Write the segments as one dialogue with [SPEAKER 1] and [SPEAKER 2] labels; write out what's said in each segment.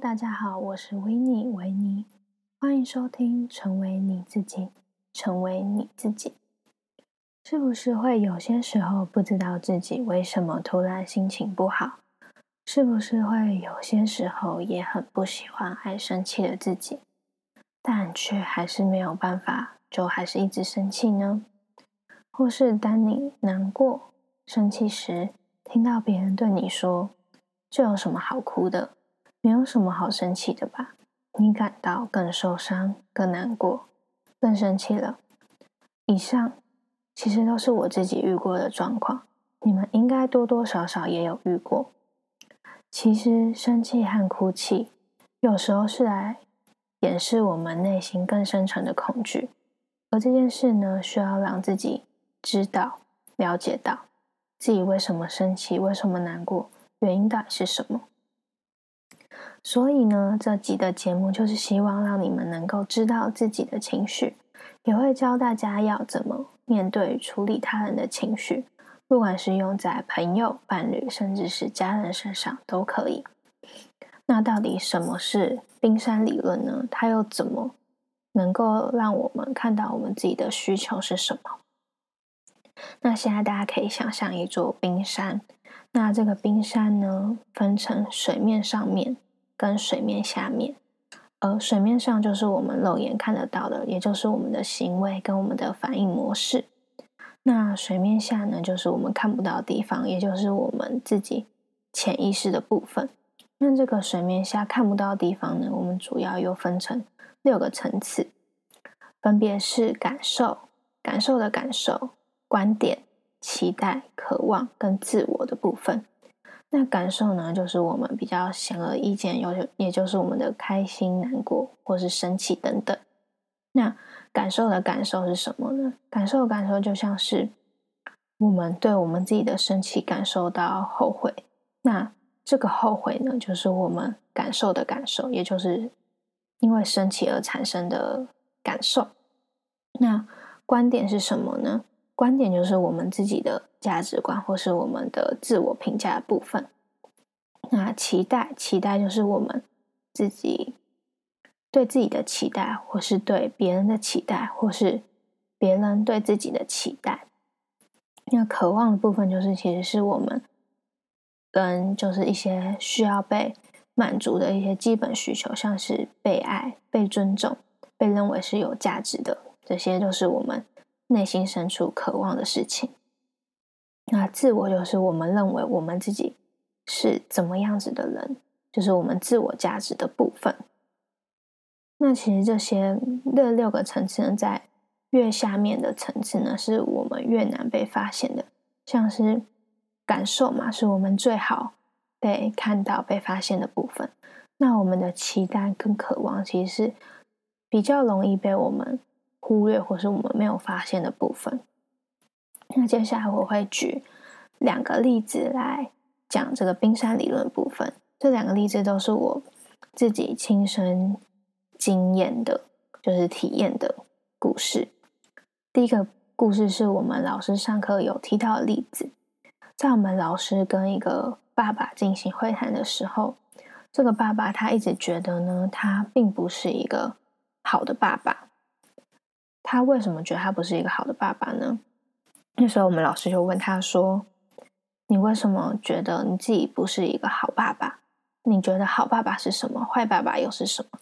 [SPEAKER 1] 大家好，我是維尼維尼，歡迎收聽《成為你自己》。成為你自己，是不是會有些時候不知道自己為什麼突然心情不好？是不是會有些時候也很不喜歡愛生氣的自己，但卻還是沒有辦法，就還是一直生氣呢？或是當你難過、生氣時，聽到別人對你說“這有什麼好哭的”？沒有什麼好生氣的吧？你感到更受傷、更難過、更生氣了。以上其實都是我自己遇過的狀況，你們應該多多少少也有遇過。其實生氣和哭泣有時候是來掩飾我們內心更深層的恐懼，而這件事呢，需要讓自己知道、了解到自己為什麼生氣、為什麼難過，原因到底是什麼。所以呢，這集的節目就是希望讓你們能夠知道自己的情緒，也會教大家要怎麼面對處理他人的情緒，不管是用在朋友、伴侶，甚至是家人身上都可以。那到底什麼是冰山理論呢？它又怎麼能夠讓我們看到我們自己的需求是什麼？那現在大家可以想象一座冰山，那這個冰山呢，分成水面上面。跟水面下面，而水面上就是我們肉眼看得到的，也就是我們的行為跟我們的反應模式。那水面下呢，就是我們看不到的地方，也就是我們自己潛意識的部分。那這個水面下看不到的地方呢，我們主要又分成六個層次，分別是感受、感受的感受、觀點、期待、渴望跟自我的部分。那感受呢，就是我們比較顯而易見，有，也就是我們的開心、難過，或是生氣等等。那感受的感受是什麼呢？感受的感受就像是我們對我們自己的生氣感受到後悔。那這個後悔呢，就是我們感受的感受，也就是因為生氣而產生的感受。那觀點是什麼呢？觀點就是我們自己的價值觀，或是我們的自我評價的部分。那期待，期待就是我們自己對自己的期待，或是對別人的期待，或是別人對自己的期待。那渴望的部分就是，其實是我們跟就是一些需要被滿足的一些基本需求，像是被愛、被尊重、被認為是有價值的，這些都是我們。內心深處渴望的事情，那自我就是我們認為我們自己是怎麼樣子的人，就是我們自我價值的部分。那其實這些這六個層次呢，在越下面的層次呢，是我們越難被發現的。像是感受嘛，是我們最好被看到、被發現的部分。那我們的期待跟渴望，其實是比較容易被我們。忽略或是我們沒有發現的部分。那接下來我會舉兩個例子來講這個冰山理論部分。這兩個例子都是我自己親身經驗的，就是體驗的故事。第一個故事是我們老師上課有提到的例子。在我們老師跟一個爸爸進行會談的時候，這個爸爸他一直覺得呢，他並不是一個好的爸爸。他為什麼覺得他不是一個好的爸爸呢？那時候我們老師就問他說：“你為什麼覺得你自己不是一個好爸爸？你覺得好爸爸是什麼？壞爸爸又是什麼？”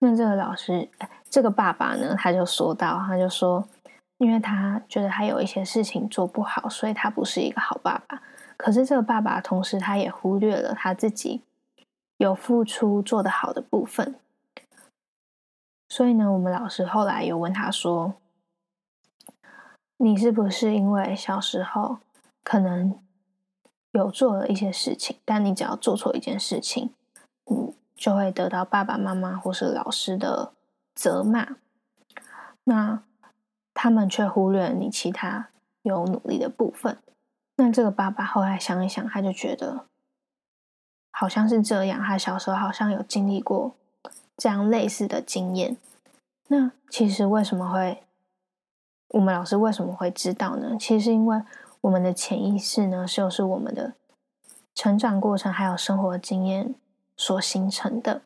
[SPEAKER 1] 那這個老師，這個爸爸呢，他就說到，他就說：“因為他覺得他有一些事情做不好，所以他不是一個好爸爸。可是這個爸爸同時他也忽略了他自己有付出做得好的部分。”所以呢，我們老師後來有問他說：“你是不是因為小時候可能有做了一些事情，但你只要做錯一件事情，你就會得到爸爸媽媽或是老師的責罵？那他們卻忽略了你其他有努力的部分。那這個爸爸後來想一想，他就覺得好像是這樣。他小時候好像有經歷過。”這樣類似的經驗，那其實為什麼會我們老師為什麼會知道呢？其實因為我們的潛意識呢，就是我們的成長過程還有生活的經驗所形成的。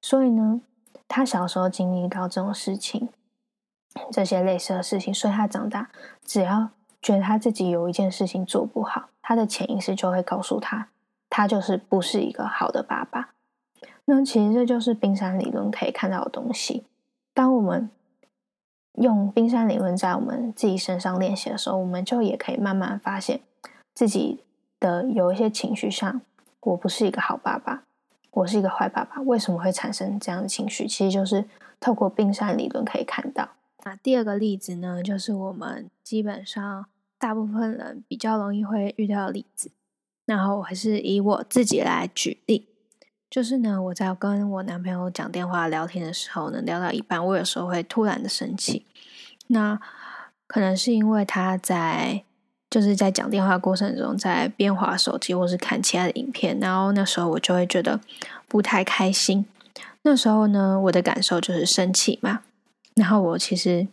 [SPEAKER 1] 所以呢，他小時候經歷到這種事情，這些類似的事情，所以他長大只要覺得他自己有一件事情做不好，他的潛意識就會告訴他，他就是不是一個好的爸爸。那其實這就是冰山理論可以看到的東西。當我們用冰山理論在我們自己身上練習的時候，我們就也可以慢慢發現自己的有一些情緒上，我不是一個好爸爸，我是一個壞爸爸，為什麼會產生這樣的情緒？其實就是透過冰山理論可以看到。那，啊，第二個例子呢，就是我們基本上大部分人比較容易會遇到的例子。然後我還是以我自己來舉例。就是呢，我在跟我男朋友講電話聊天的時候呢，聊到一半，我有時候會突然的生氣。那可能是因為他在就是在講電話過程中，在邊滑手機或是看其他的影片，然後那時候我就會覺得不太開心。那時候呢，我的感受就是生氣嘛。然後我其實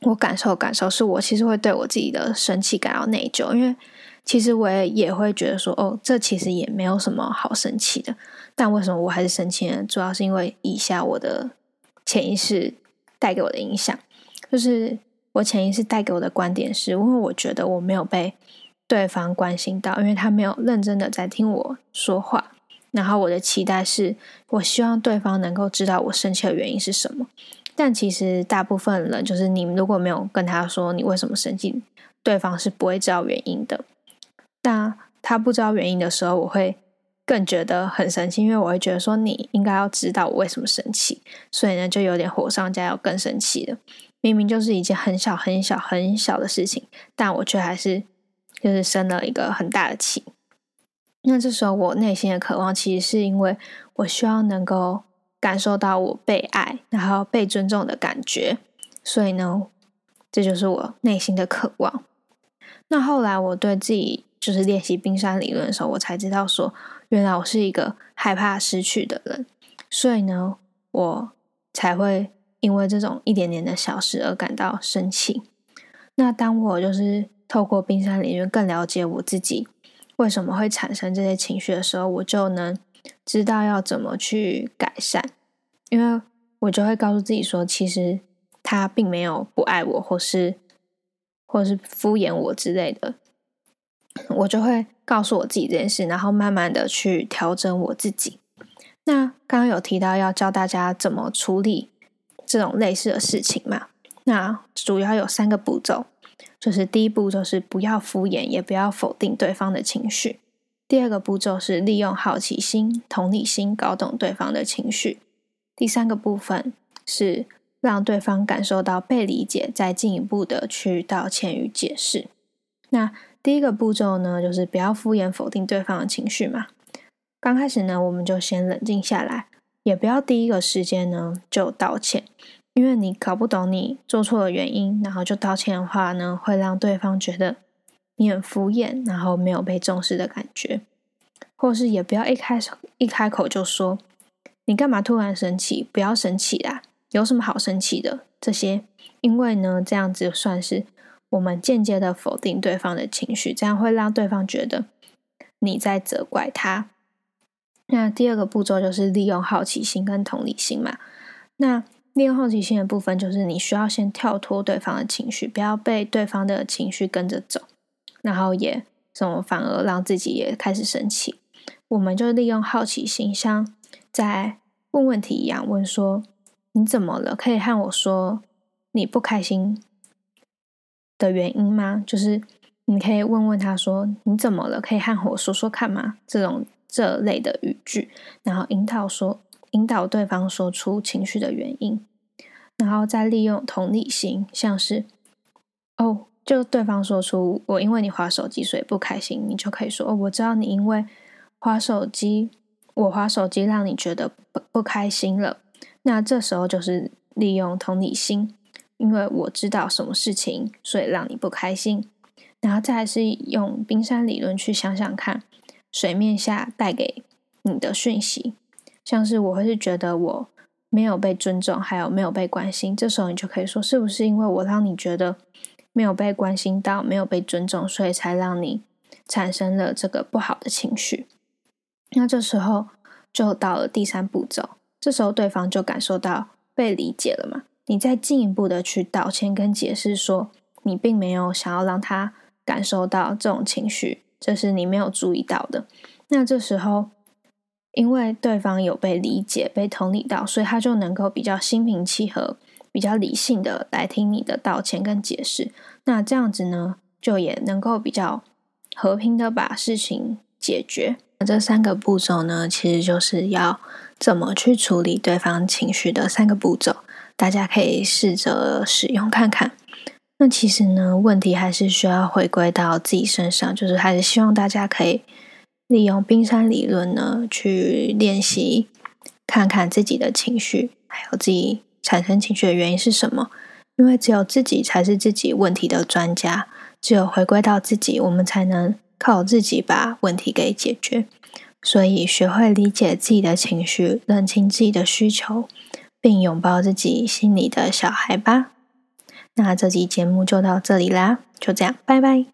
[SPEAKER 1] 我感受感受，是我其實會對我自己的生氣感到內疚，因為其實我也會覺得說，哦，這其實也沒有什麼好生氣的。但為什麼我還是生氣呢？主要是因為以下我的潛意識帶給我的影響，就是我潛意識帶給我的觀點是，因為我覺得我沒有被對方關心到，因為他沒有認真的在聽我說話。然後我的期待是，我希望對方能夠知道我生氣的原因是什麼。但其實大部分人就是，你如果沒有跟他說你為什麼生氣，對方是不會知道原因的。那他不知道原因的時候，我會。更覺得很生氣，因為我會覺得說你應該要知道我為什麼生氣，所以呢，就有點火上加油更生氣了。明明就是一件很小很小很小的事情，但我卻還是就是生了一個很大的氣。那這時候我內心的渴望，其實是因為我希望能夠感受到我被愛，然後被尊重的感覺。所以呢，這就是我內心的渴望。那後來我對自己就是練習冰山理論的時候，我才知道說原來我是一個害怕失去的人，所以呢，我才會因為這種一點點的小事而感到生氣。那當我就是透過冰山理論，更了解我自己為什麼會產生這些情緒的時候，我就能知道要怎麼去改善。因為我就會告訴自己說，其實他並沒有不愛我，或是，或是敷衍我之類的。我就會告訴我自己這件事，然後慢慢的去調整我自己。那剛剛有提到要教大家怎麼處理這種類似的事情嘛。那主要有三個步驟，就是第一步就是不要敷衍，也不要否定對方的情緒；第二個步驟是利用好奇心、同理心搞懂對方的情緒；第三個部分是讓對方感受到被理解，再進一步的去道歉與解釋。那第一個步驟呢，就是不要敷衍否定對方的情緒嘛。剛開始呢，我們就先冷靜下來，也不要第一個時間呢就道歉，因為你搞不懂你做錯了原因，然後就道歉的話呢，會讓對方覺得你很敷衍，然後沒有被重視的感覺。或是也不要一開始一開口就說“你幹嘛突然生氣？不要生氣啦，有什麼好生氣的？”這些，因為呢，這樣子算是。我們間接地否定對方的情緒，這樣會讓對方覺得你在責怪他。那第二個步驟就是利用好奇心跟同理心嘛。那利用好奇心的部分就是你需要先跳脫對方的情緒，不要被對方的情緒跟着走，然後也什麼反而讓自己也開始生氣。我們就利用好奇心，像在問問題一樣，問說：“你怎麼了？”可以和我說你不開心的原因嗎？就是你可以問問他說，你怎麼了，可以和我說說看嗎？這種這類的語句，然後引導說，引導對方說出情緒的原因，然後再利用同理心，像是哦，就對方說出我因為你滑手機所以不開心，你就可以說哦，我知道你因為滑手機，我滑手機讓你覺得不不開心了。那這時候就是利用同理心。因為我知道什麼事情，所以讓你不開心。然後，再來是用冰山理論去想想看，水面下帶給你的訊息，像是我會是覺得我沒有被尊重，還有沒有被關心。這時候，你就可以說，是不是因為我讓你覺得沒有被關心到，沒有被尊重，所以才讓你產生了這個不好的情緒？那這時候就到了第三步驟，這時候對方就感受到被理解了嘛？你再進一步的去道歉跟解釋說，你並沒有想要讓他感受到這種情緒，這是你沒有注意到的。那這時候，因為對方有被理解、被同理到，所以他就能夠比較心平氣和、比較理性的來聽你的道歉跟解釋。那這樣子呢，就也能夠比較和平的把事情解決。那這三個步驟呢，其實就是要怎麼去處理對方情緒的三個步驟。大家可以試着使用看看。那其實呢，問題還是需要回歸到自己身上，就是還是希望大家可以利用冰山理論呢，去練習看看自己的情緒，還有自己產生情緒的原因是什麼。因為只有自己才是自己問題的專家，只有回歸到自己，我們才能靠自己把問題給解決。所以學會理解自己的情緒，認清自己的需求，並擁抱自己心裡的小孩吧。那這集節目就到這裡啦，就這樣，拜拜。